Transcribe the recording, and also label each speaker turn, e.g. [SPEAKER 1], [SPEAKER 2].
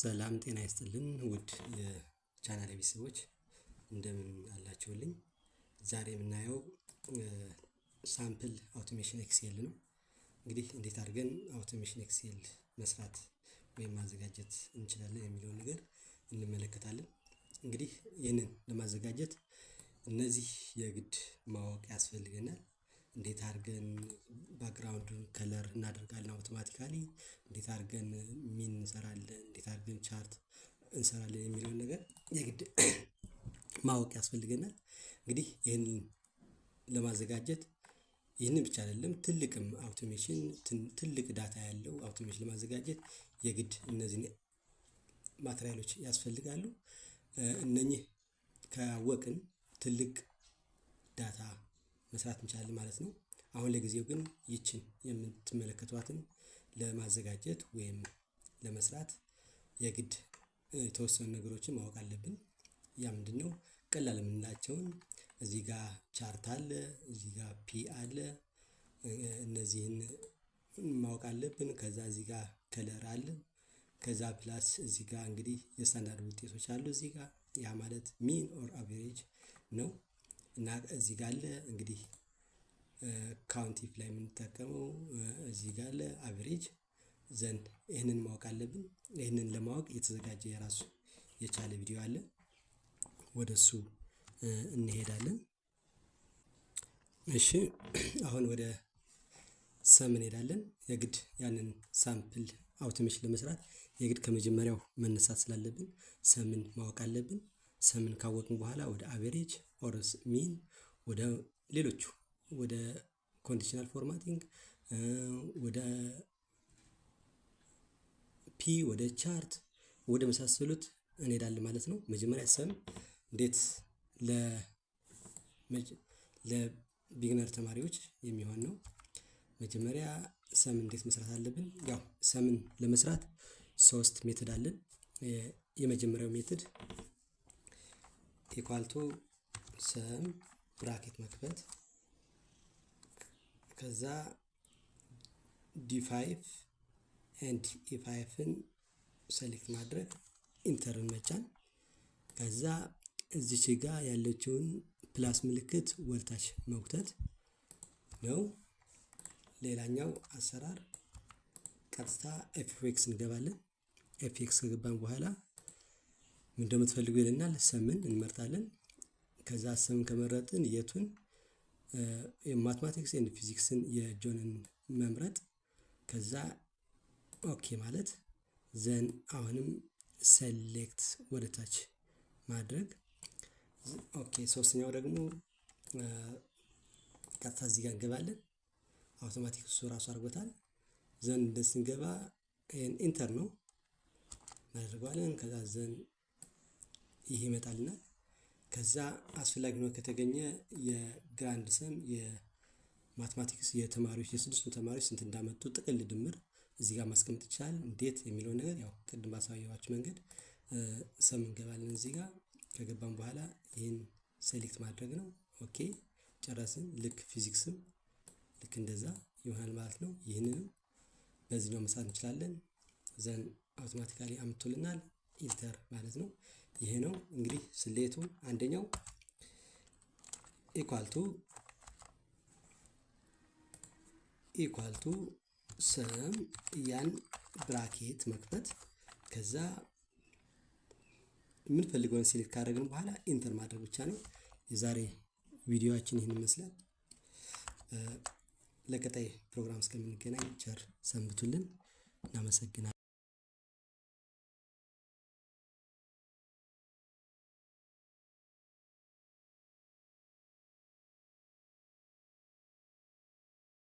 [SPEAKER 1] ሰላም ጤና ይስጥልን ውድ የቻናል ቤተሰቦች እንደምን አላችሁልኝ? ዛሬ የምናየው ሳምፕል አውቶሜሽን ኤክሴል ነው። እንግዲህ እንዴት አድርገን አውቶሜሽን ኤክሴል መስራት ወይም ማዘጋጀት እንችላለን የሚለውን ነገር እንመለከታለን። እንግዲህ ይህንን ለማዘጋጀት እነዚህ የግድ ማወቅ ያስፈልገናል። እንዴት አድርገን ባክግራውንዱን ከለር እናደርጋለን አውቶማቲካሊ እንዴት አድርገን ሚን እንሰራለን እንዴት አድርገን ቻርት እንሰራለን የሚለውን ነገር የግድ ማወቅ ያስፈልገናል። እንግዲህ ይህንን ለማዘጋጀት ይህንን ብቻ አይደለም ትልቅም አውቶሜሽን ትልቅ ዳታ ያለው አውቶሜሽን ለማዘጋጀት የግድ እነዚህን ማቴሪያሎች ያስፈልጋሉ። እነኚህ ካወቅን ትልቅ ዳታ መስራት እንችላለን ማለት ነው። አሁን ለጊዜው ግን ይችን የምትመለከቷትን ለማዘጋጀት ወይም ለመስራት የግድ የተወሰኑ ነገሮችን ማወቅ አለብን። ያ ምንድን ነው? ቀላል የምንላቸውን እዚህ ጋ ቻርት አለ፣ እዚህ ጋ ፒ አለ። እነዚህን ማወቅ አለብን። ከዛ እዚህ ጋ ከለር አለ። ከዛ ፕላስ እዚህ ጋ እንግዲህ የስታንዳርድ ውጤቶች አሉ። እዚህ ጋ ያ ማለት ሚን ኦር አቨሬጅ ነው። እና እዚህ ጋር አለ እንግዲህ ካውንቲፍ ላይ የምንጠቀመው እዚህ ጋር አለ አቨሬጅ ዘንድ ይህንን ማወቅ አለብን። ይህንን ለማወቅ የተዘጋጀ የራሱ የቻለ ቪዲዮ አለ። ወደ እሱ እንሄዳለን። እሺ አሁን ወደ ሰም እንሄዳለን። የግድ ያንን ሳምፕል አውቶሜሽን ለመስራት የግድ ከመጀመሪያው መነሳት ስላለብን ሰምን ማወቅ አለብን። ሰምን ካወቅን በኋላ ወደ አቬሬጅ ኦርስ ሚን ወደ ሌሎቹ ወደ ኮንዲሽናል ፎርማቲንግ ወደ ፒ ወደ ቻርት ወደ መሳሰሉት እንሄዳለን ማለት ነው። መጀመሪያ ሰም እንዴት ለቢግነር ተማሪዎች የሚሆን ነው። መጀመሪያ ሰም እንዴት መስራት አለብን? ያው ሰምን ለመስራት ሶስት ሜትድ አለን። የመጀመሪያው ሜትድ ኢኳልቱ ስም ብራኬት መክፈት ከዛ ዲፋይፍ ኤንድ ኢፋይፍን ሰሌክት ማድረግ ኢንተርን መጫን ከዛ እዚች ጋ ያለችውን ፕላስ ምልክት ወልታች መውተት ነው። ሌላኛው አሰራር ቀጥታ ኤፍኤክስ እንገባለን። ኤፍኤክስ ከገባን በኋላ ምን እንደምትፈልጉ ይለናል። ሰምን እንመርጣለን። ከዛ ስም ከመረጥን የቱን ማትማቲክስ ኤንድ ፊዚክስን የጆንን መምረጥ ከዛ ኦኬ ማለት ዘን አሁንም ሴሌክት ወደ ታች ማድረግ ኦኬ ሶስተኛው ደግሞ ቀጥታ እዚህ ጋ እንገባለን አውቶማቲክ እሱ ራሱ አድርጎታል ዘን እንደ ስንገባ ኢንተር ነው እናደርገዋለን ከዛ ዘን ይህ ይመጣልናል ከዛ አስፈላጊ ነው ከተገኘ የግራንድ ሰም የማትማቲክስ የተማሪዎች የስድስቱ ተማሪዎች ስንት እንዳመጡ ጥቅል ድምር እዚህ ጋር ማስቀመጥ ይቻላል። እንዴት የሚለውን ነገር ያው ቅድም ባሳየኋችሁ መንገድ ሰም እንገባለን እዚህ ጋር ከገባም በኋላ ይህን ሴሌክት ማድረግ ነው። ኦኬ ጨረስን። ልክ ፊዚክስም ልክ እንደዛ ይሆናል ማለት ነው። ይህንንም በዚህ ነው መስራት እንችላለን። ዘን አውቶማቲካሊ አምቶልናል ኢንተር ማለት ነው። ይሄ ነው እንግዲህ ስሌቱ። አንደኛው ኢኳል ቱ ሰም ያን ብራኬት መክፈት ከዛ የምንፈልገውን ሴሌክት ካደረግን በኋላ ኢንተር ማድረግ ብቻ ነው። የዛሬ ቪዲዮችን ይህን ይመስላል። ለቀጣይ ፕሮግራም እስከምንገናኝ ቸር ሰንብቱልን። እናመሰግናለን።